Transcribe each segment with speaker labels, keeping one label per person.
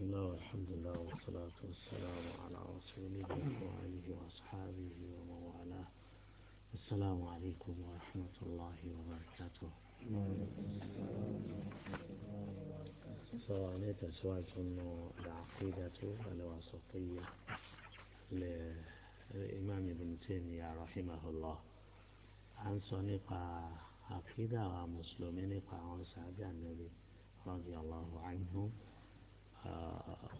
Speaker 1: بسم الله والحمد لله والصلاة والسلام على رسول الله وآله وأصحابه ومن والاه السلام عليكم ورحمة الله وبركاته سواء تسواج العقيدة الوسطية للإمام ابن تيمية رحمه الله عن صنيق عقيدة ومسلمين قاعون سعد النبي رضي الله عنهم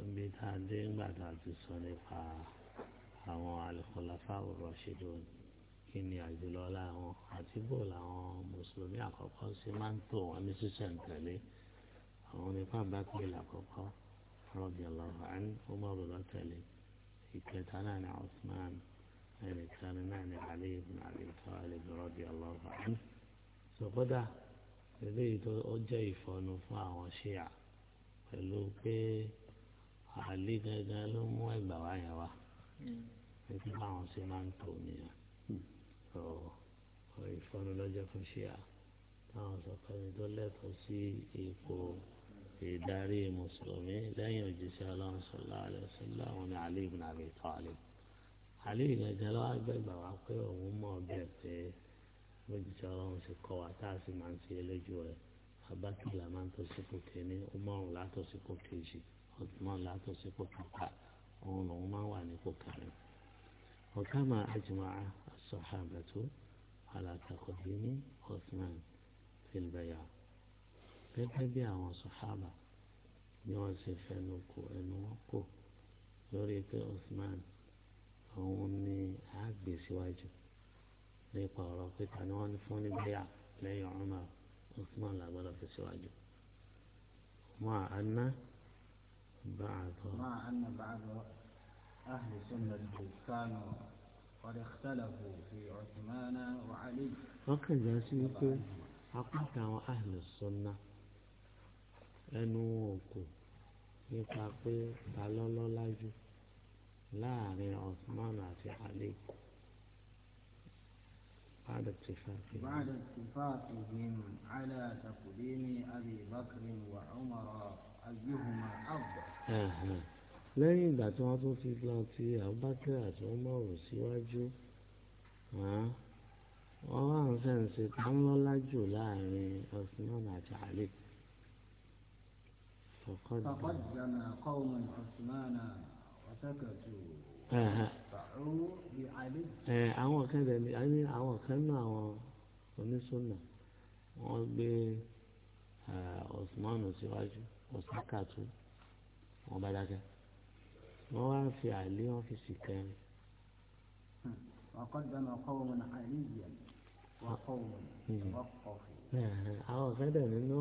Speaker 1: ibi tá a dé ńgbà tá a ti sọ nípa àwọn alùpùpù rọ̀ṣídùn kí ni àjùlọ láwọn àti bò làwọn mùsùlùmí àkọ́kọ́ sí máa ń tò wọ́n ní sísẹ̀ǹtẹ̀lé àwọn nípa bá pè lákọ́kọ́ rọ́bì ọlọ́run án ó mọ̀ bọ̀ lọ́tẹ̀lé ìkẹta náà ní Usman ẹnìkan náà ní Ali ibn Abi Talib rọ́bì ọlọ́run án. sọ̀kọ́dà eléyìí tó jẹ́ ìfọnu fún àwọn ṣíà pẹ̀lú pé àlè gangan ló mú ẹgbà wá yẹn wá hmm. nítorí báwọn ṣe máa ń tò nìyẹn hmm. ọ ìfọnù lọ́jọ́ fún ṣíà táwọn sọ pé ẹni tó lẹ́tọ̀ọ́ sí ipò ìdarí mùsùlùmí lẹ́yìn òjíṣẹ́ ọlọ́run sọlá àlẹ́sọlá àwọn ní Àlí ibn Abí Tálib Àlí gangan ló wá gbẹ̀gbà wá pé òun mọ̀ bẹ́ẹ̀ pé òjíṣẹ́ ọlọ́run ṣe kọ́ wa tá a sì máa ń ṣe lójú rẹ̀ abákìlá máa ń tọ́ sípò kìíní ọmọrùn látọ̀ sípò kejì ọ̀túnmọ̀ látọ̀ sípò kẹta òun lòun máa wà nípò kẹrin. وكما أجمع الصحابة على تقديم عثمان في البيع gẹ́gẹ́ bí àwọn sọ̀hábà ni wọ́n ṣe fẹnu kò ẹnu wọn kò lórí pé Usman òun ni àgbè síwájú nípa ọ̀rọ̀ pé ni wọ́n fún ní bẹ́yà lẹ́yìn Umar Uthman la gbọ́dọ̀ fi síwájú mọ́ àná bá a bọ́.
Speaker 2: mọ́ àná bá a bọ́ ahli sunnati kanu qad ikhtalafu fi Uthman wa Ali.
Speaker 1: wọ́n kàn já sí wípé apá táwọn ahli sunna ẹnu wọn kò nípa pé ta lọ́lọ́lá jù láàrin Uthman àti Ali. بعد اتفاقهم بعد
Speaker 2: اتفاقهم على تقديم أبي بكر وعمر أيهما أفضل
Speaker 1: آه. lẹ́yìn ìgbà tí wọ́n tún fi plan ti abubakar àti umar síwájú wọ́n wá ń sẹ́ǹsì pamọ́lá jù láàrin osman àti ali. فقدم
Speaker 2: قوم عثمان وسكتوا àwọn
Speaker 1: kan dẹ̀ ní àní àwọn kan náà àwọn onísùnà wọ́n gbé Osman síwájú osakatu wọ́n bá dákẹ́ wọ́n wá fi àlè ọ́fíìsì kẹrin. àwọn kan dẹ̀ nínú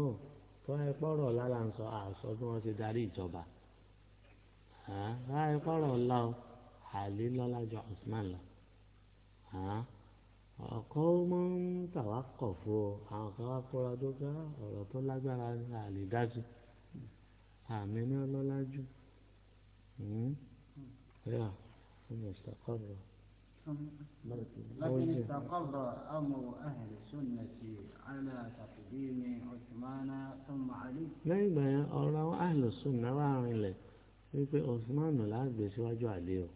Speaker 1: tó ẹ pọ̀rọ̀ lára ń sọ àṣọ bí wọ́n ti darí ìjọba. láì pọ̀rọ̀ ńlá o. Ali lọ́lá ju Usman lọ ọkọ máa ń tàwa kọ̀ fún ọ àwọn kan wá kóra tó ká ah, ọ̀rọ̀ tó lágbára ni àlè dájú àmì hmm? ní ọlọ́lá ẹ̀yà ọmọ ìṣàkọ́rọ̀. لكن
Speaker 2: استقر أمر أهل السنة على تقديم عثمان ثم علي. لأن أمر
Speaker 1: أهل السنة وعلي يقول عثمان لا بسواجه عليه.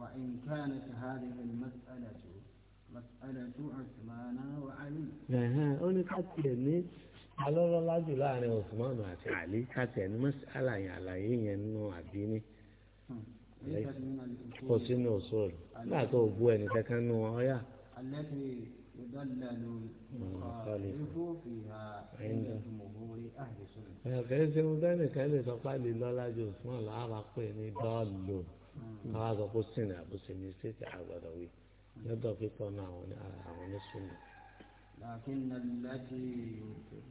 Speaker 2: وإن كانت هذه المسألة مسألة عثمان وعلي
Speaker 1: أنا حتى أني alọ́rọ́ lájù láàrin osmanu àti ali káàtì ẹni mọ́sálà yẹn àlàyé yẹn nínú àbíní
Speaker 2: kò sínú òṣòro nígbà tó o bú
Speaker 1: ẹni kankan nínú wọn ọ̀yà. kẹ́sì ń bẹ́ẹ̀ nìkan lè sọ pé àlè lọ́lájú osmanu àràpẹ̀ ní dọ́ọ̀lù káwá sọ pé sìn àbùsìn ní sèkì àgbàdo wí lọ́dọ̀ pípọ̀ náà àwọn oníṣúná.
Speaker 2: لكن التي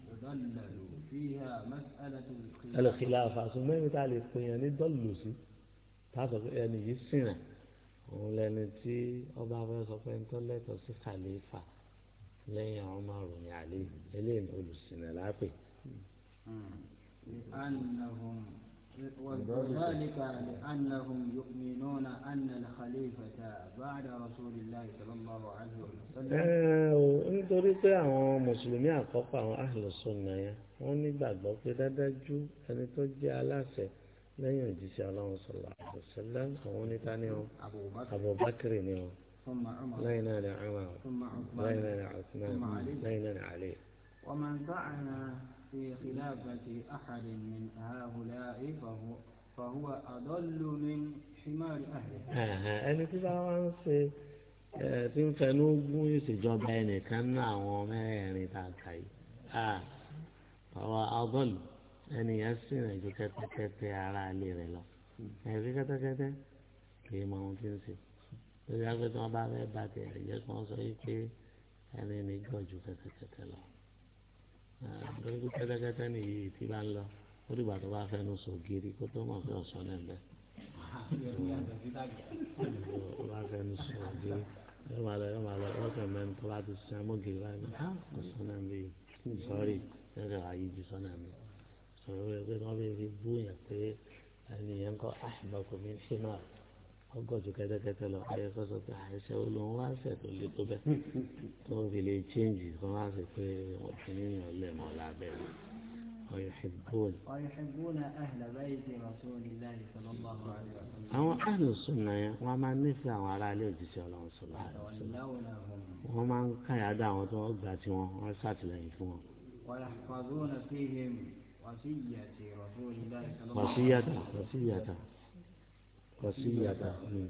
Speaker 2: تضلل فيها مسألة الخلافة الخلافة
Speaker 1: ثم يتعلق يعني ضلوا سي تعرف يعني يسنة ولأن تي أبا بيا سوفين تولي توسي خليفة لين عمر عليه لين أولو السنة العافية
Speaker 2: لأنهم وذلك لأنهم يؤمنون أن الخليفة بعد رسول الله صلى الله عليه وسلم.
Speaker 1: nítorí pé àwọn mùsùlùmí àkọ́kọ́ àwọn ahlùsùnà yẹn wọ́n nígbàgbọ́ pé dájú ẹni tó jẹ́ aláṣẹ lẹ́yìn òjíṣẹ́ ọlọ́run sọ̀rọ̀ àbùsọ̀lá àwọn oníta ni wọn Abubakar ni wọn lẹ́yìn náà ni Umar lẹ́yìn náà ni Uthman lẹ́yìn náà ni Ali.
Speaker 2: في خلافة أحد من هؤلاء فهو فهو أضل من حمار
Speaker 1: أهله. ẹni tí bá wá ń ṣe tí ń fẹnu gún ìṣèjọba ẹnìkan ní àwọn mẹ́rin tá a kà yìí àwọn adọ́lù ẹni yẹn sì rìn ju kẹ́tẹ́kẹ́tẹ́ ara ilé rẹ̀ lọ ẹ̀rí kẹ́tẹ́kẹ́tẹ́ kì í mọ ohun tí ń ṣe lórí agbẹ́tọ́ bá fẹ́ bá tẹ̀ ẹ̀jẹ̀ kan sọ yìí pé ẹni nìjọ́ ju kẹ́tẹ́kẹ́tẹ́ lọ lórí kú kẹ́tẹ́kẹ́tẹ́ nìyí tí bá ń lọ ó dìgbà tó bá fẹnu sọ gírí kó tó mọ̀ pé ọ̀sán náà bẹ́ẹ̀. tó bá fẹnu sọ gírí yóò máa lọ yóò máa lọ wọ́n kàn mẹ́nu tó bá ti sin amógiri báyìí náà ọ̀sán náà bẹ́ẹ̀ sọ́rí ẹ̀rọ àyíjì sọ́nà mi sọ̀rọ̀ wípé wọ́n fi bú yẹn pé ẹni yẹn kọ́ àṣìbọ̀kùnmí ah, ṣe náà ọgọ́ ju kẹ́tẹ́kẹ́tẹ́ lọ ayé kó sọ pé àìsẹ́ ah, olóhùn wá sẹ̀ tó lé tó bẹ́ẹ̀ tó ń fi lè chéǹjì kan wá sí pé wọ́n ti ní ìrànlẹ́ mọ́ lábẹ́ rẹ̀ ọ̀yọ̀hìbọ́n. àwọn àlù sùnà yẹn wọ́n máa nífẹ̀ẹ́ àwọn aráalé òjíṣẹ́ ọlọ́run sọ̀rọ̀ wọ́n máa ń káyàdá àwọn tó wọ́n gbà tí wọ́n wọ́n ṣàtìlẹ́yìn fún wọn. wàsíyàtà wàsíyàtà kò sí ìyàtọ̀ hmm.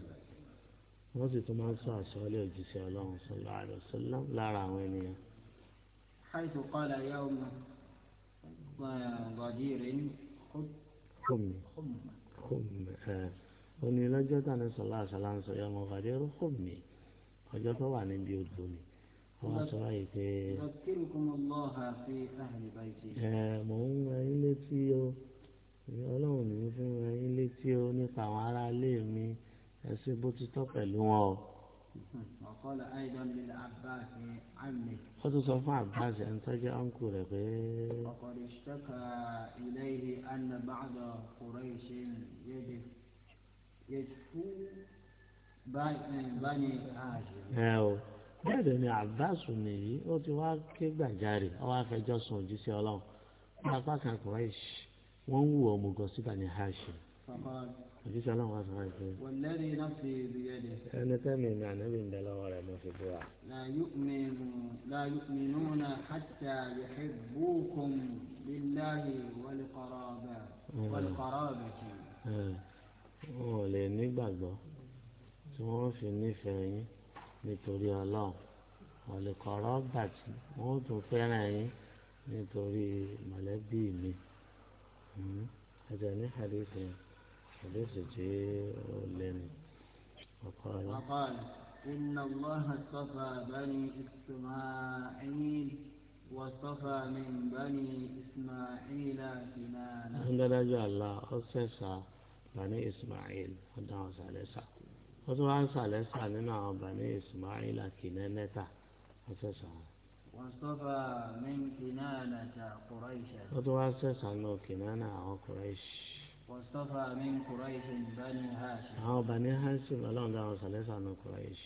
Speaker 1: wọ́n sì tún máa ń sọ àsọ́ọ́lẹ̀ òjíṣẹ́ ọlọ́run sọlá àdọ̀sọ́lá lára àwọn ènìyàn.
Speaker 2: حيث قال يوم ضجير
Speaker 1: خم خم òní lọ́jọ́ tàn ní sọlá àṣàlá ń sọ yọ ọmọ ọ̀gá dẹ́rù kò mí ọjọ́ tó wà níbi odò ni wọ́n sọ báyìí pé. ẹ mò ń ra ilé tí o ọlọ́run ní fi ń ran yín létí o nípa àwọn ará ilé mi ẹ ṣe bó ti tọ́ pẹ̀lú wọn o. wọ́n tún sọ fún Abbas ẹni tó jẹ́ ọ́nkù rẹ̀ pé.
Speaker 2: ọ̀kọ̀dé ṣẹ́ka ilé ihe anabadọ̀ kùrẹ́ṣẹ́ yẹ́dẹ̀ yẹ́dẹ̀fú báyìí ààrẹ.
Speaker 1: bẹ́ẹ̀ ni Abbas nìyí ó ti wá ké gbàjarè ó wá fẹjọ́ sùn òjíṣẹ́ ọlọ́run ní apá kan kùrẹ́ṣẹ́ wọ́n ń wù ọmọ gan síta ní Hashim òjíṣẹ́ aláwọ̀ wá sọ̀rọ̀ ìpè. ẹni tẹ́mi ní ànábì ń dẹ́lọ́wọ́ rẹ̀ mo fi búra.
Speaker 2: la yu'minuna hatta yuhibbukum billahi wal qarabati wal qarabati.
Speaker 1: wọn ò lè nígbàgbọ́ tí wọ́n fi nífẹ̀ẹ́ yín nítorí ọlọ́run wal qarabati wọ́n tún fẹ́ràn yín nítorí mọ̀lẹ́bí mi. أجاني حديث حديث حديث جيل وقال وقال
Speaker 2: إن الله اصطفى بني إسماعيل واصطفى من بني إسماعيل كنانة
Speaker 1: عندنا جاء الله أصفى بني إسماعيل هذا سالسة هذا سالسة لنا بني إسماعيل كنانة أصفى ó tún wá sẹ̀sán lọ kìnnánà àwọn kùráìṣì.
Speaker 2: واصطفى من قريش بني هاشم
Speaker 1: اه بني هاشم اللهم دعوا ثلاثة عن قريش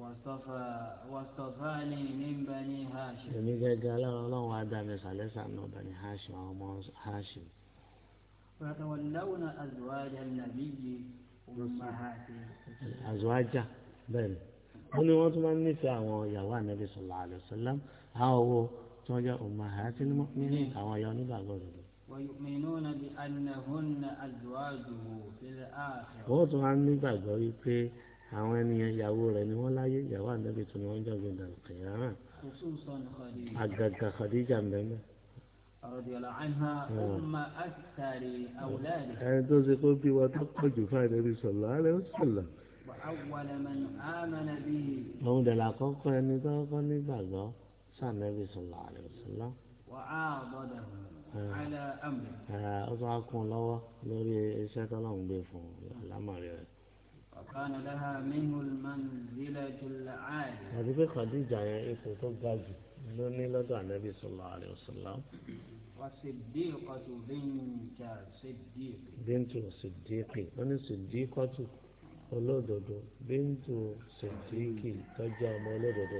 Speaker 2: واصطفى واصطفاني من بني هاشم جميل
Speaker 1: قال اللهم دعوا ثلاثة عن بني هاشم أو هاشم
Speaker 2: ويتولون أزواج النبي أمهاتهم
Speaker 1: أزواجه بل wọ́n ní wọ́n tún máa ń nífẹ̀ẹ́ àwọn ìyàwó ànábì sallallahu alaihi wasallam àwọn owó tí wọ́n jẹ́ ummahati al-mu'minin àwọn ẹ̀yọ́ nígbàgbọ́ òdodo. wọ́n tún wá nígbàgbọ́ wípé àwọn ènìyàn ìyàwó rẹ̀ ni wọ́n láyé ìyàwó àdébí tó ni wọ́n jọ gbẹ̀dẹ̀ kìyàrá
Speaker 2: àgàgà Khadija mbẹ́mbẹ́. ẹni
Speaker 1: tó ṣe kó bí wọn tó pọ̀ jù fún àdébí sọ̀lá rẹ̀ ó sọ̀lá. òun dẹ̀ làkọ́kọ́ ẹni tó kọ́ nígbàgbọ́ sànẹ́bí sọlá àlẹ́ sọlá. ó tún á kún un lọ́wọ́ lórí iṣẹ́ tọ́lọ́run gbé fún àlámọ̀rí rẹ̀. àti pé Khadija yẹn ipò tó ga jù ló ní lọ́dọ̀ ànẹ́bí sọlá àlẹ́ sọlá.
Speaker 2: وصديقة بنت صديق
Speaker 1: بنت صديق أنا صديقة ولدد بنت صديق تجمع ولدد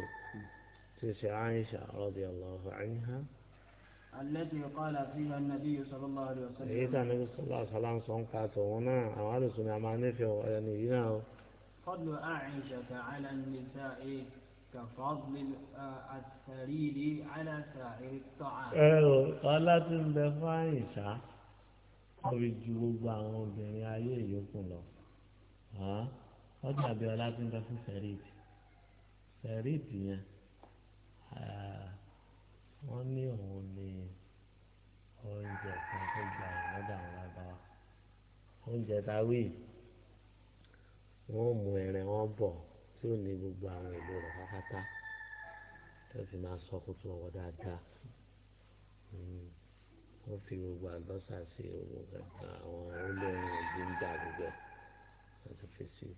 Speaker 1: تيسي عائشة رضي الله عنها
Speaker 2: التي قال فيها النبي صلى الله عليه وسلم إذا
Speaker 1: النبي صلى الله عليه وسلم صنقاته هنا أو هذا سنع ما نفيه يعني
Speaker 2: فضل عائشة على النساء كفضل السرير على سائر الطعام
Speaker 1: قالت عائشة أبي ju gbogbo àwọn obìnrin ayé ìyókù lọ ọ dàbí ọlá tí ń bẹ Eh, wọ́n ní òun ni oúnjẹ kan tó gba ìlọ́dà àwọn lábáwá oúnjẹ táwí wọ́n mú ẹrẹ wọn bọ̀ tí ò ní gbogbo àwọn èlò rẹ̀ pátápátá tó fi máa sọ kótó ọwọ́ dáadáa hmm, wọ́n fi gbogbo àlọ́sà sí gbogbo àwọn olórin ọ̀gbìn ń dà gbogbo ẹ̀ wọ́n ti fi sí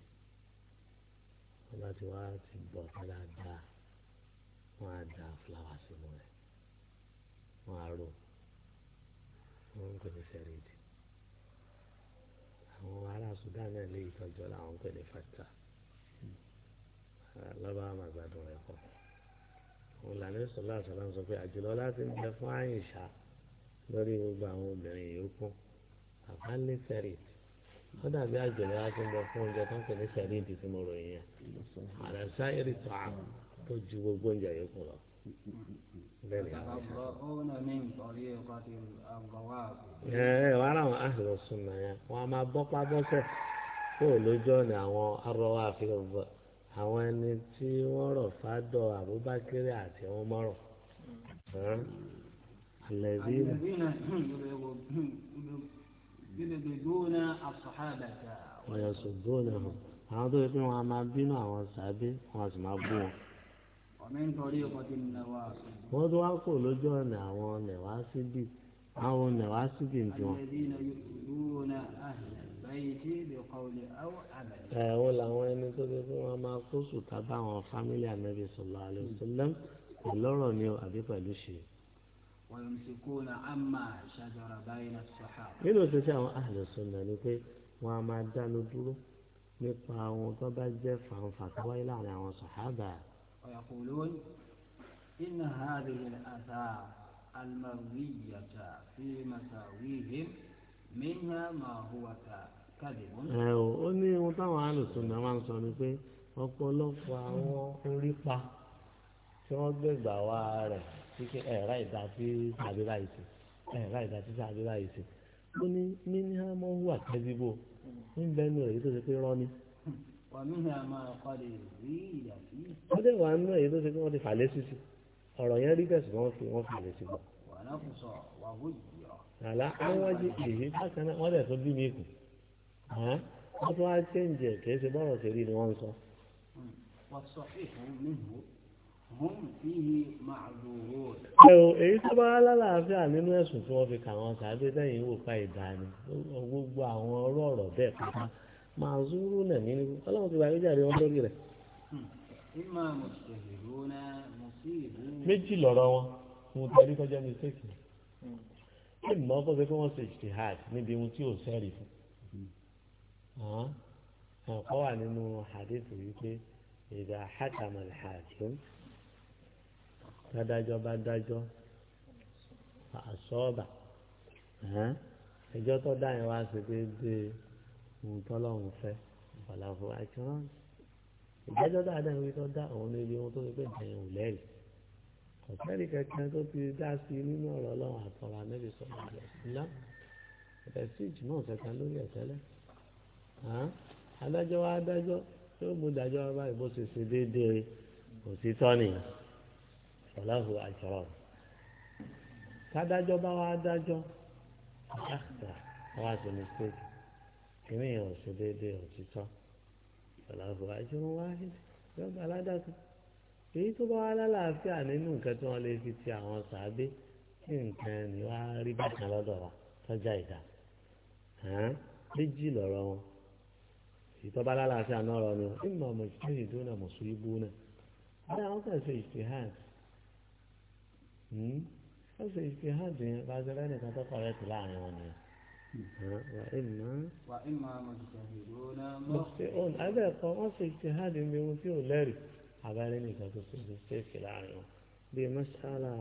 Speaker 1: wọ́n bá ti wá ti bọ̀ dáadáa wọ́n á da fúláwà sínú rẹ̀ wọ́n á rò wọ́n ń pè ní sẹ́rẹ̀dì àwọn ará Sudan náà lè tọ́jọ́ làwọn ń pè ní fata lọ́ba àmàgbàdùn rẹ̀ pọ̀ òun làní sọlá sọlá sọ pé àjùlọ láti ń bẹ fún àyìnṣà lórí gbogbo àwọn obìnrin yòókù àbá ní sẹ́rẹ̀dì ó dàbí àjùlọ láti ń bẹ fún oúnjẹ tó ń pè ní sẹ́rẹ̀dì tí mo ròyìn yẹn àdàsáyẹ̀rì tó àmì tó ju gbogbo oúnjẹ yòókù lọ. bẹ́ẹ̀ni ẹ wàá làwọn àhìlọ súnmọ́ yẹn wọn a máa bọ́pá bọ́sẹ̀ tó lójú ọ̀nà àwọn arọwà àfihàn àwọn ẹni tí wọ́n rọ̀ fádọ̀ Abubakar àti wọn mọ̀rọ̀. الذين
Speaker 2: يبغضون الصحابة
Speaker 1: ويصدونهم àwọn tó yẹ pé wọn a máa bínú àwọn sàbí wọn a sì máa bú wọn wọ́n tún wá kò lójú ọ̀nà àwọn nẹ̀wásíbì àwọn nẹ̀wásíbì ń tiwọn. ẹ̀wọ́n làwọn ẹni tó ti fún wọn máa kó sùtá báwọn fámílì ànábì sallallahu alaihi wasallam pẹ̀lú ọ̀rọ̀ ni o àbí pẹ̀lú ṣe. nínú ṣíṣe àwọn ahlu ni pé wọ́n á máa dánu dúró nípa ohun tó bá jẹ́ fàǹfà tó wáyé láàrin àwọn sàhábà.
Speaker 2: ويقولون إن هذه الآثار المروية في مساويهم منها ما هو كذب ẹ
Speaker 1: ò ní ohun táwọn alùsùnà máa ń sọ ni pé ọ̀pọ̀lọpọ̀ àwọn orípa tí wọ́n gbẹ̀gbà wá rẹ̀ kíkẹ́ ẹ̀rá ìdá sí àdúrà ìsìn ẹ̀rá ìdá sí àdúrà ìsìn ó ní mínísàmọ́ hùwà kẹ́síbò ń bẹ́ẹ̀ nù rẹ̀ tó ṣe pé rọ́ni wọ́n dẹ̀ wà nínú èyí tó ṣe pé wọ́n ti fàlẹ́ sí sí ọ̀rọ̀ yẹn rí tẹ̀sí wọ́n fi wọ́n fàlẹ́ sí bọ̀.
Speaker 2: àlá àwọn ajé
Speaker 1: èyí bákan náà wọ́n dẹ̀ tún bí mi kù wọ́n tún wá ṣéǹjẹ̀ kìí ṣe bọ́ọ̀rọ̀ ṣe rí ni wọ́n ń sọ. ẹ o èyí tó bá lálàáfíà nínú ẹ̀sùn tí wọ́n fi kà wọ́n sàbẹ̀ lẹ́yìn ìwòkà ìdáni gbogbo àwọn ọ̀rọ̀ bẹ́ẹ̀ pátá màzúrú náà nínú ọlọ́run ti bàyẹ́jà rí wọn lórí rẹ̀. méjì lọ́rọ̀ wọn mo tẹ̀lé kọjá mi sẹ́kì ṣé ìmọ̀ ọkọ̀ pé kí wọ́n ṣe ìṣèhàd níbi ohun tí ò sẹ́rì fún ẹ̀kọ́ wà nínú àdéhùn wípé ìdá hákàmà làákìm dádájọ́ bá dájọ́ àṣọ́ọ̀bà ẹjọ́ tó dá yẹn wá sí pé dé ohun tọ́lọ́run fẹ́ ọ̀làfọ̀ àìsàn ìdájọ́ dáadáa wí tó dá àwọn níbi ohun tó ní pé bẹ̀rẹ̀ ò lẹ́rìí ọ̀sẹ́rì kankan tó ti dá sí nínú ọ̀rọ̀ ọlọ́run àtọ̀rọ̀ anábì sọ̀rọ̀ àlẹ́ ńlá ẹ̀ sí ìjùmọ̀ kankan lórí ẹ̀tẹ́lẹ̀ adájọ́ wa adájọ́ tó mú dájọ́ wa báyìí bó ṣe ṣe déédéé òtítọ́ nìyẹn ọ̀làfọ̀ àìsàn tádájọ́ bá wa adájọ́ àṣà wa ṣe mistake. kíní yẹn ò ṣe déédéé òtítọ́ ọ̀làfọ̀ àjọyọ̀ wáhídì yọ̀gbà aládàkú èyí tó bá wá lálàáfíà nínú nǹkan tí wọ́n lè fi ti àwọn sàábé kí nǹkan ni wá rí bákan lọ́dọ̀ wa tọ́jà ìdá méjì lọ́rọ̀ wọn èyí tó bá lálàáfíà náà rọ ni ìmọ̀ ọmọ
Speaker 2: wà ìmọ̀ mọ̀jìdìhìdùn abẹ́ẹ̀kọ́
Speaker 1: wọ́n sì ti hádi mi ohun tí ò lẹ́rìí abẹ́rẹ́ nìkan tó fi ṣe ṣéèkì láàrin wọn bíi mọ́ṣálà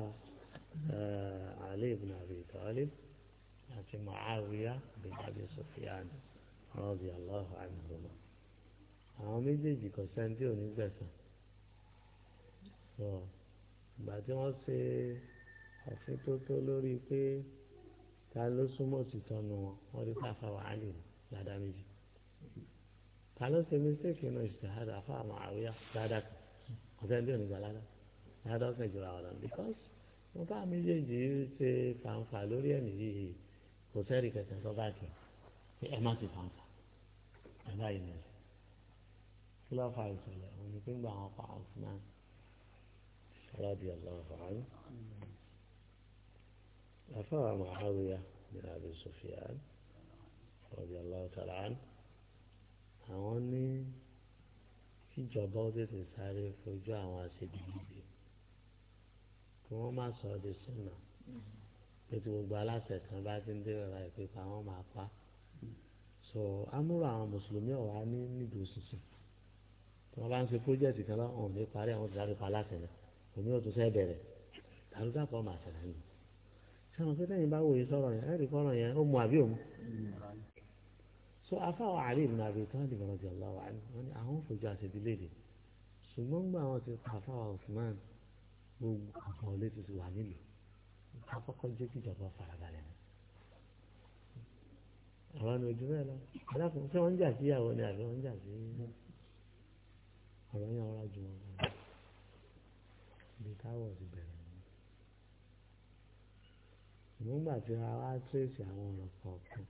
Speaker 1: Ali ibn Abi Talib àti Muawiya bin Abi Sufyan radiyallahu anhuma àwọn méjèèjì kò sẹ́ni tí ò ní gbẹ̀sán ìgbà tí wọ́n ṣe àfitó tó lórí pé ta ló súnmọ́ òtítọ́ nu wọn wọ́n rí pàfà wàhálì dáadáa méjì ta ló ṣe mistake inú ìṣèhádà fún àwọn àríyá dáadáa ọ̀sẹ̀ ní òní gbàládà dáadáa ọ̀sẹ̀ jùlọ àwọn ọ̀nà because wọ́n bá méjèèjì ṣe fàǹfà lórí ẹ̀mí yìí kò sẹ́rí kẹsàn tó bá kì í ẹ má ti fàǹfà ẹ bá yìí nìyẹn kí ló fa ìṣẹ̀lẹ̀ òun ni pé ń gba àwọn pa àwọn fúnà ṣọlá di ọ̀la ọ̀fọ̀ أفاء معاوية بن أبي سفيان رضي الله تعالى عنه àwọn ní kíjọba ó tètè sáré fojú àwọn aṣèdìbìbì kí wọ́n má sọ ọ́ di sọ́nà pé tí gbogbo aláṣẹ kan bá ti ń dèrò ra ìpè pa wọ́n máa pa so amúrò àwọn mùsùlùmí ọ̀wá ní nídùú sísìn tí wọ́n bá ń ṣe pọ́jẹ́tì kan lọ́wọ́ òun ní parí àwọn ti sáré pa aláṣẹ náà òun yóò tún sẹ́ bẹ̀rẹ̀ tàbí dàpọ̀ màṣẹ̀ náà nìyí sẹ́wọ̀n pé lẹ́yìn bá wòye sọ̀rọ̀ yẹn ẹ̀rí kọ́rọ̀ yẹn ó mu àbí òmu. so afáwọ̀ àlè ìbùnà àbí tán di bọ̀rọ̀ jọ̀lá wà ní wọn ni àwọn fojú àṣẹbí léde ṣùgbọ́n gbà wọn ti pa afáwọ̀ Usman gbogbo àwọn olè ti wà nílùú akọ́kọ́ jẹ́ kí ìjọba farabalẹ̀ ni. àwọn ni ojú bẹ́ẹ̀ lọ alákùnrin tí wọ́n ń jà sí ìyàwó ni àbí wọ́n ń jà sí ọ̀rọ̀ yẹn ọ̀rọ̀ ṣùgbọ́n nígbà tí a wá tírèsì àwọn ọ̀rọ̀ kọ̀ọ̀kan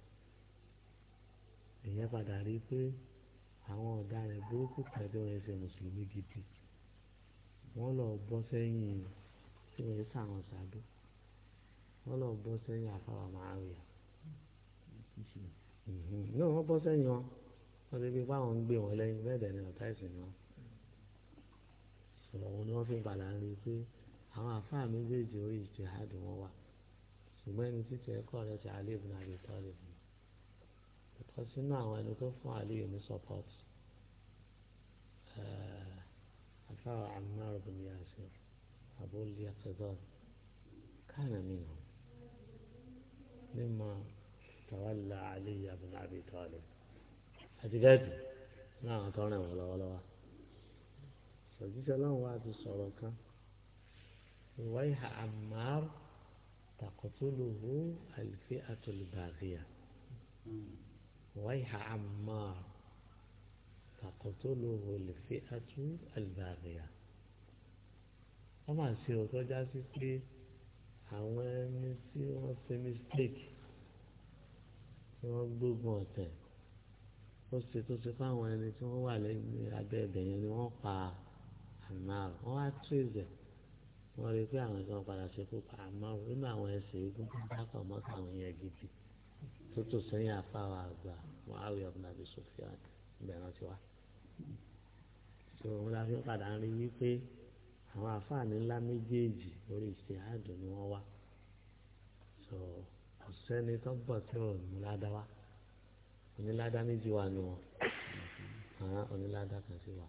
Speaker 1: èèyàn padà rí i pé àwọn ọ̀daràn burúkú pẹ̀lú ẹsẹ̀ mùsùlùmí gidi wọ́n lọ bọ́ sẹ́yìn tí wọ́n sàwọn sàdó wọ́n lọ bọ́ sẹ́yìn àfàwà màáríà náà wọ́n bọ́ sẹ́yìn wọn wọ́n ti fi fáwọn ń gbé wọn lẹ́yìn bẹ́ẹ̀ dẹ̀ ni ọ̀tá ìsìn wọn sọ̀rọ̀ wọn fi padà rí i pé àwọn àfáà méjèèjì orí ìṣèhádùn wọn wà. وما نسيت يقع علي بن أبي طالب تتخسن معه أن توفى علي مصابات أفعى عمار بن ياسر أبو اليقظات كان منهم مما تولى علي بن أبي طالب أتجاته لا أعطانا ولا ولا فجيت لهم واحد الصورة كان ويح عمار تقتله الفئة الباغية ويح عمار تقتله الفئة الباغية ọmọ àṣẹ òtọ́ já sí pé àwọn ẹni tí wọ́n ṣe mistake tí wọ́n gbógun ọ̀tẹ̀ ó ṣe tó ṣe fáwọn ẹni tí wọ́n wà lẹ́yìn abẹ́ ẹ̀bẹ̀ yẹn ni wọ́n pa àmàlà wọ́n á tún ìzẹ̀ wọ́n rí i pé àwọn kan padà ṣekú pa àmọ́ nínú àwọn ẹsẹ̀ eégún tó dákọ̀ mọ́ káwọn yẹn gidi tó tò sẹ́yìn afáwà àgbà wàhálì ọ̀bùnà àbí Sufyan ìbẹ̀rẹ̀ ti wá. tó wọn la fi padà ń rí wípé àwọn àfáàní ńlá méjèèjì orí ìṣèhádùn ni wọ́n wá. tó ọ̀sẹ́ni tó bọ̀ tí ò ní ládá wá oníládá méjì wà ní wọn oníládá kan sí wà.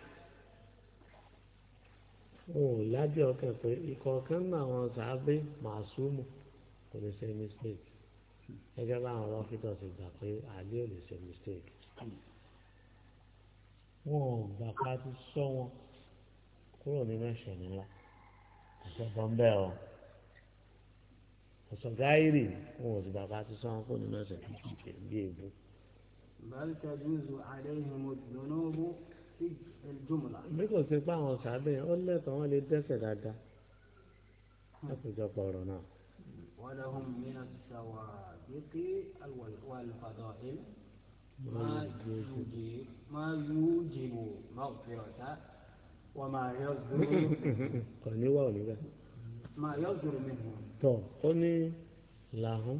Speaker 1: wọn ò lábẹ́ ọkàn pé ikọ̀ kan náà wọn sàábé màsúmù kò lè ṣe mistake gẹ́gẹ́ báwọn rọ́fítọ̀ ti gbà pé àlẹ́ ò lè ṣe mistake wọn ò gbà pa ti sọ wọn kúrò nínú ẹ̀ṣẹ̀ nílá àṣọ̀bọ̀n bẹ́ẹ̀ o ọ̀sọ̀gáìrì wọn ò sì gbà pa ti sọ wọn kúrò nínú ẹ̀ṣẹ̀ bí èbú.
Speaker 2: bàálù tàbí ìzù àlẹ́ ìhìn mọ̀tò lọ́nà
Speaker 1: bí kò sí pé àwọn sábẹ́ ó lẹ́tọ̀ọ́ wọn lè dẹ́sẹ̀ dáadáa lápèjọ hmm. ọ̀rọ̀ náà.
Speaker 2: ولهم من السوابق والفضائل ما يوجب ما يوجب مغفرة وما يصدر
Speaker 1: kò ní wà òní bẹ́ẹ̀.
Speaker 2: ما يصدر منهم.
Speaker 1: tó ó ní làhùn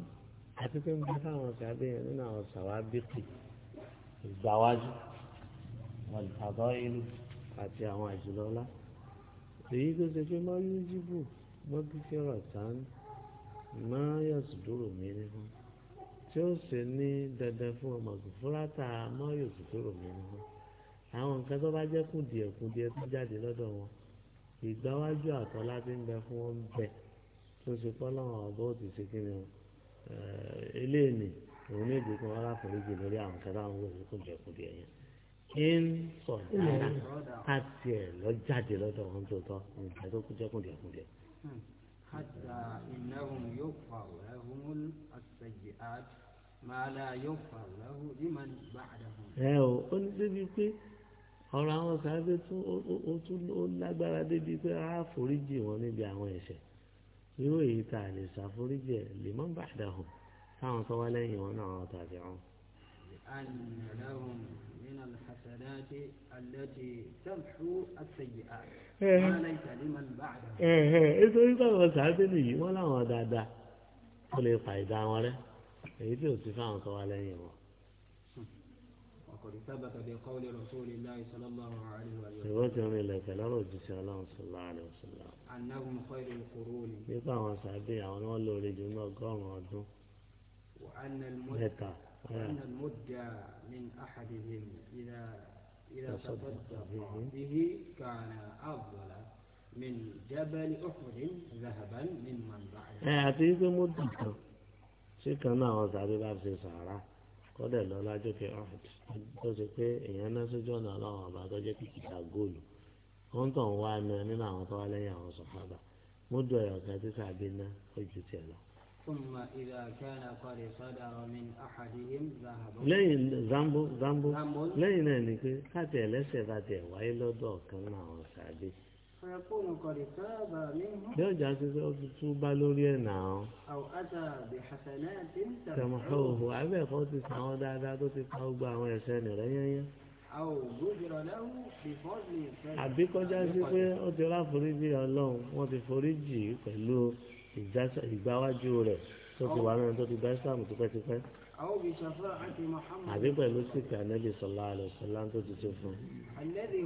Speaker 1: àti pé ń bá fáwọn sábẹ́ yẹn nínú àwọn sàwábìkì ìgbàwájú àbá ìlú àti àwọn àjùlọ ńlá èyí tó ṣe pé má yóò jíbù mọ́ bíkẹ́ rà tán má yàtọ̀ dúró mi ní fún tí ó sì ní dandan fún ọmọ fúláta má yàtọ̀ dúró mi ní fún àwọn nǹkan tó bá jẹ́ kùdìẹ̀ kùdìẹ̀ tó jáde lọ́dọ̀ wọn ìgbáwájú àtọ́ láti ń bẹ fún wọn bẹ tó ṣe pọ́ láwọn ọ̀bọ ti ṣe kí ni eléyìí òun ní ìdíkùn aláforíjì lórí àwọn kẹta àwọn òṣèkùn ń sọ̀rọ̀ á tiẹ̀ lọ jáde lọ́dọ̀ wọn tó tọ́ nǹkan tó kú jẹ́kùn díẹ̀ kùn díẹ̀.
Speaker 2: hàtà ìnáhùn yóò fà wẹ́hùn àṣẹyẹ àti màálà yóò fà wẹ́hùn ìmọ̀ nígbà àdàhùn.
Speaker 1: ẹ o ó ní débi pé ọ̀rọ̀ àwọn sàbẹ̀ tún ó tún ó lágbára débi pé á foríjì wọn níbi àwọn ẹ̀ṣẹ̀ irú èyí tá a lè ṣàforíjì ẹ̀ lè mọ́ bàdàhùn táwọn tó wá lẹ́yìn wọn náà tàbí wọn.
Speaker 2: من الحسنات التي تمحو السيئات ما ليس لمن
Speaker 1: بعدها ايه ايه ايه sàbẹ̀lì wọn làwọn dáadáa tó lè fa ìdá wọn rẹ èyí tí ò sí fáwọn kan wá lẹ́yìn wọn.
Speaker 2: وقد ثبت بقول رسول الله صلى الله عليه وسلم. ìwọ́n ti
Speaker 1: rìn ilẹ̀ pẹ̀lú ọ̀rọ̀ òjíṣẹ́ ọlọ́run sọ̀lá àlẹ́ òṣèlú.
Speaker 2: أنهم خير القرون.
Speaker 1: nípa àwọn sàbẹ̀ àwọn ni wọ́n lóore jù ní ọgọ́rùn-ún ọdún.
Speaker 2: وأن المسلم. mẹ́ta. أن المدة من أحدهم إذا إذا تصدق به كان أفضل من جبل أحد ذهبا ممن بعده.
Speaker 1: إيه هتيجي مدة كم؟ ṣé kan náà àwọn sàbí bá ṣe sàárà kọ́dẹ̀ lọ lájókè ọ̀hún tó ṣe pé èèyàn náà sójú ọ̀nà ọlọ́run ọba tó jẹ́ kìkìkà góòlù wọ́n tàn wá ẹnu nínú àwọn tó wá lẹ́yìn àwọn sọ̀hábà mú dùn ẹ̀yọ̀ kan tí sàbí ná ó ju tiẹ̀ lọ.
Speaker 2: ثم إذا كان قد صدر من أحدهم ذهب lẹ́yìn zambo zambo lẹ́yìn
Speaker 1: náà ni pé káàtì ẹlẹ́sẹ̀ bá tẹ̀ wáyé lọ́dọ̀ ọ̀kan náà àwọn sàdé. bí ọjà ti sọ fi túbá lórí ẹ̀ náà.
Speaker 2: tẹ̀mọ̀tò òhò
Speaker 1: abẹ́ẹ̀kọ́ ti sàn án dáadáa tó ti pa gbogbo àwọn ẹ̀ṣẹ̀ nìrẹ́ yẹ́yẹ́.
Speaker 2: àbí kọjá sí pé
Speaker 1: ó ti ráforíjì ọlọ́run wọ́n ti foríjì pẹ̀lú ìgbáwájú rẹ̀ tó ti wà nínú tó ti bá islam tipẹ́tipẹ́.
Speaker 2: àbí pẹ̀lú sípè
Speaker 1: ànábì sọlá àlọ́ sọlá tó ti ṣe fún.
Speaker 2: ẹ̀ẹ́dọ́sẹ̀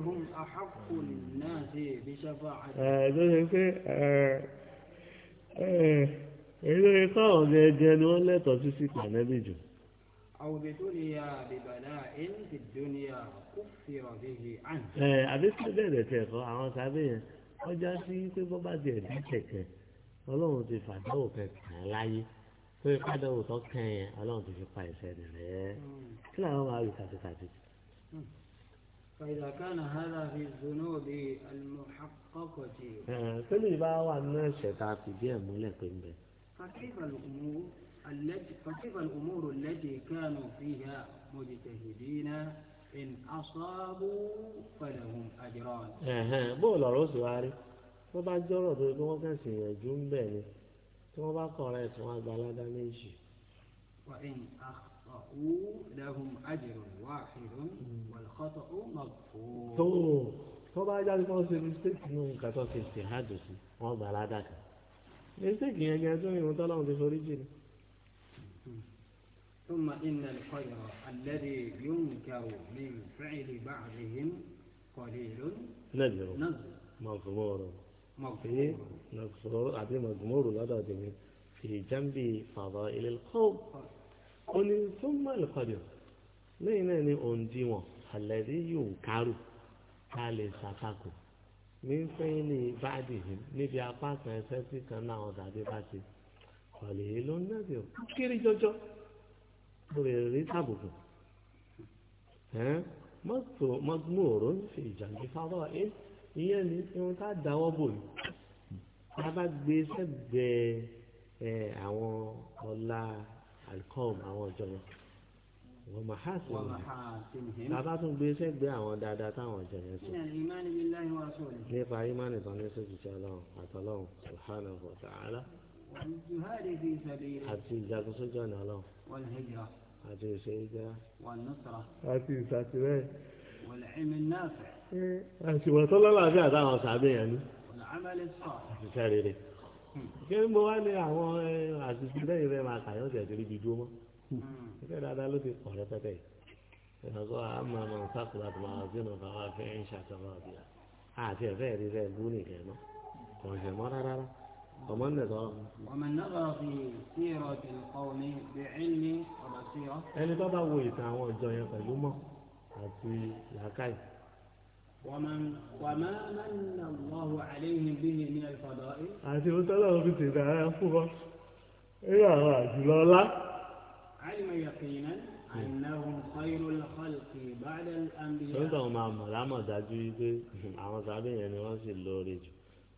Speaker 1: pé èyí ló yẹ káwọn gẹ́gẹ́ ni wọ́n lẹ́tọ̀ọ́ sí sípè ànábì jù. àbí síbẹ̀ bẹ̀rẹ̀ tẹ̀ kọ́ àwọn sábẹ́ yẹn wọ́n já sí pé bọ́ tiẹ̀ dín kẹ̀kẹ́ ọlọ́run ti fàdáwò kẹkàn láyé tó ipá dáwò tó kàn yẹn ọlọ́run ti fi pa ìṣẹ́ nìyẹn kí làwọn máa rí kàtìkàtì.
Speaker 2: فإذا كان هذا في الذنوب المحققة
Speaker 1: كل باوا الناس تعطي بها ملك به
Speaker 2: فكيف الأمور التي فكيف الأمور التي كانوا فيها مجتهدين إن أصابوا فلهم أجران.
Speaker 1: بقول الرسول tó bá jọ́rọ̀ tó pé wọ́n kẹ̀sì ìyànjú ń bẹ̀ ni tí wọ́n bá kọ̀ọ̀rọ̀ ẹ̀ tí wọ́n gba aládá méjì.
Speaker 2: وإن أخطأوا لهم أجر واحد والخطأ مغفور. tó
Speaker 1: tó bá jáde kó ṣe mistake nù nǹkan tó ṣe ṣe há jù sí wọ́n gba aládá kan mistake yẹn gẹ́gẹ́ tó ìrùn tọ́lọ́run ti forí jì ni.
Speaker 2: ثم إن الخير الذي ينكر من فعل بعضهم قليل
Speaker 1: نذر مغفور pé nàṣọ àti mọ̀gbọ́rù lọ́dọ̀ tèmi fi jambi fàbọ̀ ilé kọ́ ó ní tó mọ̀ lùkọ́dọ̀ lẹ́yìn náà ni òǹdíwọ̀n àlẹ́rí yóò kárù ká lè ṣàtakò ní sẹ́yìn ní báàdì yìí níbi apá kan ẹsẹ́ tí kan náà ọ̀dà bí bá ti kọ̀lẹ́ ló ń dàbí ó kéré jọjọ́ ó lè rí tàbùkù mọ́tò mọ́gbọ́rù ń fi ìjàmbí fàbọ̀ ilé ìyẹn ni ohun tá a dáwọ́ bò ní tá a bá gbé sẹ́gbẹ̀ẹ́ ẹ àwọn ọlá alikọ́ọ̀mù àwọn ọjọ́ yẹn wọ́n máa há sí wọn tá a bá tún gbé sẹ́gbẹ̀ẹ́ àwọn dáadáa táwọn ọjọ́ yẹn sọ nípa ìmánì tán ní sókè tí ọlọ́run àtọ́lọ́run subhanahu wa ta'ala àti ìjagun ọ̀nà ọlọ́run àti ìṣe ìjẹ́ àti ìṣàtìlẹ́yìn. النافع ẹ̀sìnwọ̀n tó lọ́lọ́dún àtàwọn sàbẹ̀ yẹn ni ṣiṣẹ́ rere ṣé mo wá ní àwọn àṣìṣe lẹ́yìn rẹ̀ máa kàyọ́ ṣẹ̀ síbi ju dúró mọ́ ṣiṣẹ́ dáadáa ló ti pọ̀ rẹpẹtẹ yìí ìrànṣọ́ àmọ́ àmọ́ sákòlá tó máa sínú bàbá fẹ́ ń ṣàtọ́mọ́ àbíyá àti ẹ̀fẹ́ rí rẹ̀ bú nìkẹ́ náà ومن نظر mọ́ rárá ọmọ nìkan. ẹni tó bá wo ìtàn àwọn ọjọ́ yẹn pẹ̀lú mọ́
Speaker 2: wàmá mánà lọ́wọ́ àléhìn bí i ní ìfọ̀dọ̀ yìí.
Speaker 1: àti ó tọ́lá òfin ti dára fún ọ nínú àwọn àjùlọ ọlá.
Speaker 2: àlìmọ̀ yàtìyìnà àìnáhùn kọ́yìrò lọ́kọ́lùkì bàdé àmbíyá. tó ń tọ́
Speaker 1: máa mọ̀ lámọ̀ dájú wípé àwọn sábẹ́ yẹn ni wọ́n sì lóore jù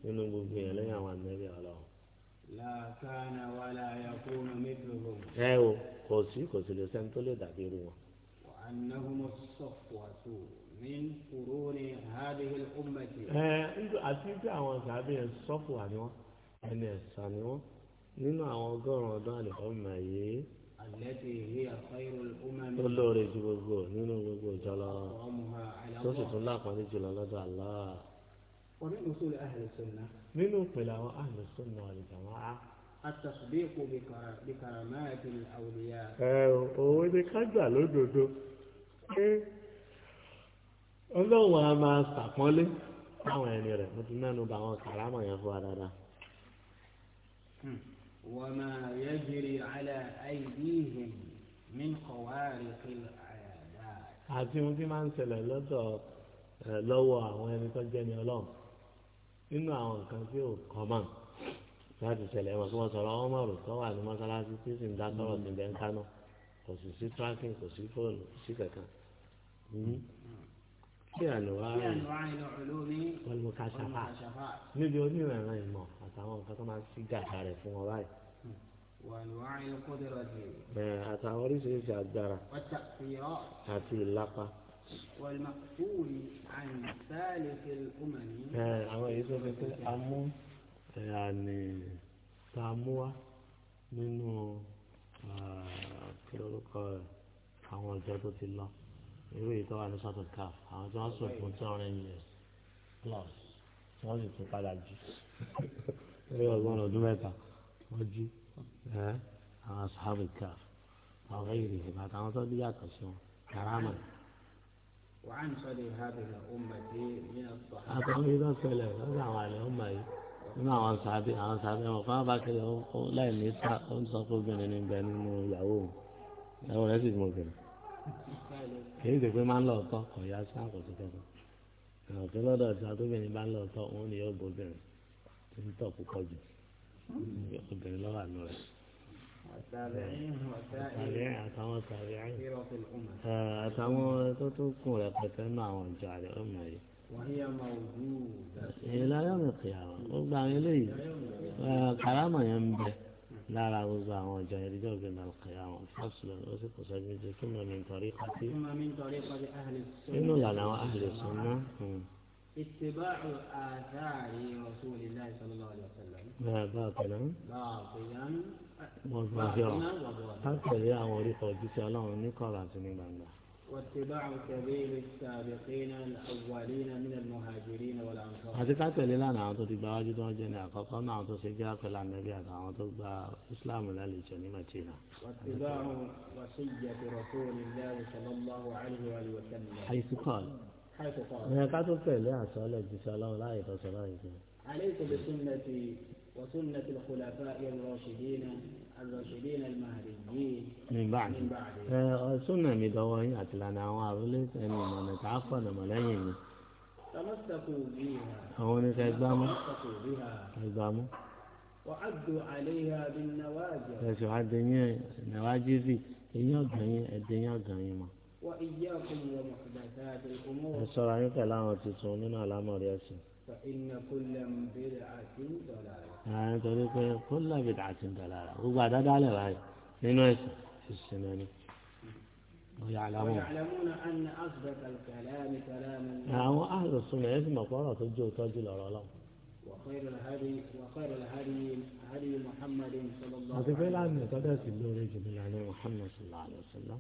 Speaker 1: nínú gbogbo yẹn lẹ́yìn àwọn ànẹ́bí ọlọ́run.
Speaker 2: làkàna wàlà àyàkùnrin mi dùrù. ẹ o
Speaker 1: kò sí kò sì lè sẹ́ni tó lè dàbí irú wọn.
Speaker 2: wà á náhùn mọ́ sọ̀fù àtúwò min furuni hadhihi al-ummati. ẹ
Speaker 1: àti pé àwọn sàbẹ̀ yẹn sọ́fù wà ní wọn ẹni ẹ̀sà ni wọn nínú àwọn ọgọ́rùn-ún ọdún àlẹ́ ọmọ yìí.
Speaker 2: àlẹ́tì ìwé àfẹ́rù ọmọ mi. ó lóore ju
Speaker 1: gbogbo nínú gbogbo ìjọ tó sì tún lápàdé jùlọ lọ́dọ̀ àlá.
Speaker 2: ọ̀rẹ́ mi sọ̀rọ̀ ahli sunnah. nínú
Speaker 1: ìpìlẹ̀ àwọn ahli sunnah wal
Speaker 2: jamaa. التصديق بكرامات
Speaker 1: الأولياء. أه وإذا كان لدوده ọlọ́run a máa sàpọ́nlé láwọn ẹni rẹ̀ mo ti mẹ́nu bà wọn kàrámọ̀ yẹn fún wa dáadáa.
Speaker 2: wọ́n máa yẹ jìrì alẹ́ àìdíhìn mí kọ̀wáàrí kílà àyàdá.
Speaker 1: àti ohun tí máa ń ṣẹlẹ̀ lọ́dọ̀ lọ́wọ́ àwọn ẹni tó jẹ́ ni ọlọ́run nínú àwọn nǹkan tí ò kọ́ mọ̀ láti ṣẹlẹ̀ wọn tí wọ́n sọ̀rọ̀ ọmọ rò tó wà ní mọ́sálásí tí sì ń dá sọ̀rọ̀ sí bẹ́ńkánná kò sì sí tracking kò sí fóònù kò sí kankan. Hmm sí ànúwáàrin
Speaker 2: olùmọ̀kàṣàfà
Speaker 1: níbi onírànà ìmọ̀ àtàwọn nǹkan tó máa ń sí gàgà rẹ̀ fún ọ báyìí. àtàwọn oríṣiríṣi agbára àti ìlápa.
Speaker 2: àwọn èyí tó fi pé a mú
Speaker 1: àní tá a mú wá nínú kí lórúkọ àwọn ọjọ́ tó ti lọ irú yìí tó wà ní sọ́tún káf àwọn tí wọ́n sùn fún two hundred years plus tí wọ́n sì tún padà jí lórí ọgbọ́n ọdún mẹ́ta wọ́n jí àwọn sàbù káf àwọn fẹ́ yìí rèé bàtà àwọn tó bí yàtọ̀ sí wọn karama.
Speaker 2: وعن صلي هذه الأمة من الصحابة. أتوني
Speaker 1: ذا سلام هذا على nínú àwọn sàbí àwọn sàbí ọmọ fún abákẹ́lẹ́ láì ní sá ó ń sọ fún obìnrin ní bẹ́ẹ̀ nínú ìyàwó òun ìyàwó sì mú obìnrin kì í ṣe pé máa ń lọ ọ̀tọ̀ kò yá sí àkóso kankan àwọn òkè lọ́dọ̀ ọ̀sán tóbìnrin bá ń lọ ọ̀tọ̀ òun ni yóò bóbìnrin tó ń tọ̀ púpọ̀ jù obìnrin lọ́wọ́ àánú rẹ̀. àtàwọn tàbí àtàwọn tó tó kún rẹ̀ pẹ̀tẹ́ nù àwọn ìjọ àrẹ ọmọ yìí.
Speaker 2: ìlànà ìkìyàwó ó gba àwọn eléyìí kàrámà yẹn
Speaker 1: ń bẹ lára gbogbo àwọn ọjà ìdíjọ́ gbẹ̀dọ̀ àkàyà àwọn fásitì ó sì kò sọ́jú jẹ́ kí mọ̀ mi ń tọ́rí pàtí.
Speaker 2: nínú ìlànà àwọn àhìlẹ̀ sọ́nà. اتباع آثار رسول الله صلى الله عليه وسلم. باطلا. باطلا. باطلا. باطلا. باطلا. باطلا. باطلا.
Speaker 1: باطلا. باطلا. باطلا.
Speaker 2: واتباع سبيل السابقين الأولين من المهاجرين والأنصار. àti
Speaker 1: ká tẹ̀lé lánàá àwọn tó ti gba wájú tó ń jẹ́ ní àkọ́kọ́ náà àwọn tó ṣe jẹ́ àpẹẹlẹ ànábì àti tó gba islam lálejò ní Madina.
Speaker 2: واتباع وصية رسول الله صلى الله عليه وسلم. حيث قال.
Speaker 1: حيث قال. ní ká tó tẹ̀lé àsọ̀lẹ̀ jùsọ̀ ọlọ́run láàyè tó sọ láàyè tó.
Speaker 2: عليكم بسنتي وسنة الخلفاء الراشدين
Speaker 1: nígbà ẹ súnà mi dọ́wọ́ yín àti lànà àwọn àrólé ẹni ìmọ̀nà tá a fọ̀nà mọ̀ lẹ́yìn mi. àwọn oníkẹ́ gbámú gbámú. ẹ̀sùn àdéyìn nàwájú sí eyín ọ̀gàn yín ẹ̀dẹ́yìn ọ̀gàn yín mọ̀. ẹ sọ̀rọ̀ ayín pẹ̀lú àwọn tuntun nínú àlámọ̀rí ẹ̀sìn.
Speaker 2: فإن كل بدعة
Speaker 1: ضلالة آه، كل بدعة ضلالة وبعد هذا على بعد من وين في السناني ويعلمون
Speaker 2: ويعلمون أن أصدق الكلام كلام آه، الله يعني
Speaker 1: أهل السنة يسمى قرأت الجو تاج الأرالام
Speaker 2: وخير الهدي وخير الهدي هدي محمد صلى الله عليه وسلم. الآن
Speaker 1: محمد صلى الله عليه وسلم.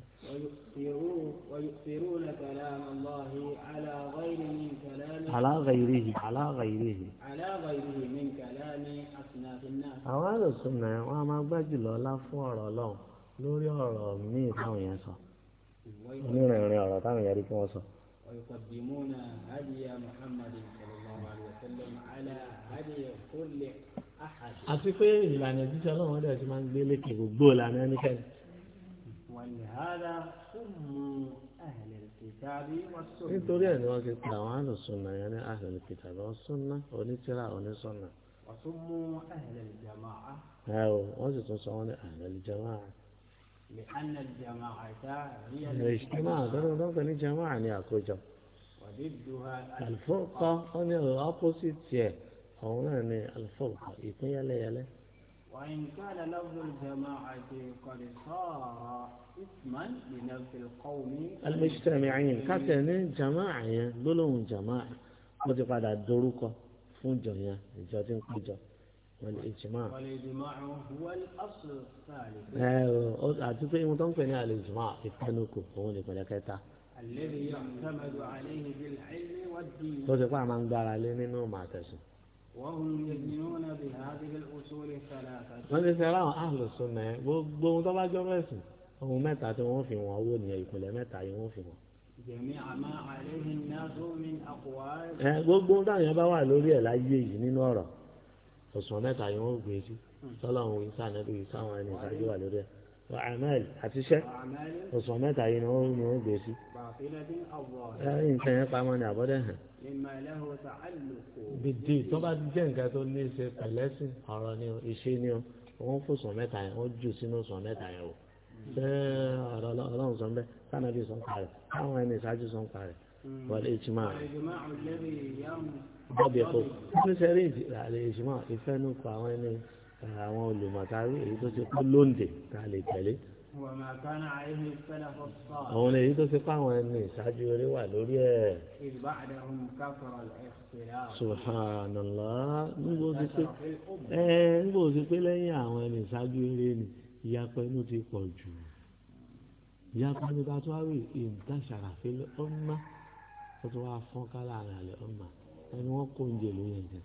Speaker 2: ويؤثرون كلام الله على غير من كلام على غيره
Speaker 1: على غيره
Speaker 2: على غيره من كلام أصناف الناس. هذا
Speaker 1: السنة وما بجل ولا فور الله لوري الله مني تاوي ينسى.
Speaker 2: ويقدمون هدي محمد صلى الله عليه وسلم.
Speaker 1: àti pé ìlànà a ọlọ́run ọdẹ ti máa ń gbé lékè gbogbo ìlànà ẹnikẹ́ni.
Speaker 2: nítorí ẹ̀ ni wọ́n ti pe
Speaker 1: àwọn àlùsùnà yẹn ní lọ súnná onítìrà onísùnà. ẹ o wọ́n sì tún sọ wọ́n ní àhẹ̀lẹ̀jàmáà.
Speaker 2: lè hánà jàmáà máa gbọ́dọ̀
Speaker 1: gbọ́dọ̀ ní jàmáà ní àkójọ.
Speaker 2: àlùfọ́ọ̀kọ́
Speaker 1: ó ní ọ̀rọ̀ ọ́pọ́sìtì ẹ̀ ọ̀hún náà ní àlùfọ́ọ̀kọ́ ìpín yẹlẹyẹlẹ.
Speaker 2: وإن كان لفظ الجماعة قد صار اسما لنفس القوم المجتمعين كاتن
Speaker 1: جماعة لولون جماعة ودي قد الدروكة فنجر جاتين قجر والإجماع
Speaker 2: والإجماع هو الأصل الثالث أيوه
Speaker 1: أعتقد إن تنقل الإجماع في التنوكو هون يقول لك tó ti pa máa ń gbára lé nínú màtẹ̀sùn.
Speaker 2: wọ́n ti fẹ́ràn àwọn
Speaker 1: àlùsùn náà gbogbo ohun tó bá jọ mẹ́sìn ohun mẹ́ta tí wọ́n fi wọ́n owó nìyẹn ìpìlẹ̀ mẹ́ta yìí wọ́n fi wọ́n. ẹ gbogbo ohun táwọn yẹn bá wà lórí ẹ̀ láyé yìí nínú ọ̀rọ̀ òṣùwọ̀n mẹ́ta yìí wọ́n gbé sí sọ́lá hmm. òun ìsànẹ́bí ìsàwọn ẹni ìsájú wà lórí ẹ̀ wàhámẹ́lì àtiṣẹ́ òṣùwọ̀n mẹ́ta yìí ni wọ́n ní wọ́n gbé sí. nǹkan yẹn pamọ́ ni àbọ̀dẹ̀ hàn. bìdì tó bá jẹ́ nǹkan tó ní í ṣe pẹ̀lẹ́sìn ọ̀rọ̀ ni o ìṣe ni o wọ́n fò sùn mẹ́ta yẹn wọ́n jù sínú sùn mẹ́ta yẹn o. ṣé ọ̀rọ̀ ọlọ́run sọ bẹ́ẹ̀ sànàbí sọ ń parẹ́ káwọn ẹni ìṣáájú sọ ń parẹ́
Speaker 2: wọlé ìtìmọ̀ bọ́ọ̀bì ẹ̀kọ́
Speaker 1: àwọn olùmọ̀tàrí èyí tó ti kú lóńdè tá a lè tẹ̀lé. àwọn èyí tó ti kú àwọn ẹni ìṣáájú eré wà lórí ẹ̀. subhanallah nígbò tí pé ẹ nígbò tí pé lẹ́yìn àwọn ẹni ìṣáájú eré ni ìyapẹ́ inú ti pọ̀ jù ìyapẹ́ inú ká tó wá rí ìdáṣàràfẹ́ ọmọ tó tó wá fọ́n ká láàrin àlẹ́ ẹni wọ́n kó oúnjẹ lóyún ẹ̀jẹ̀.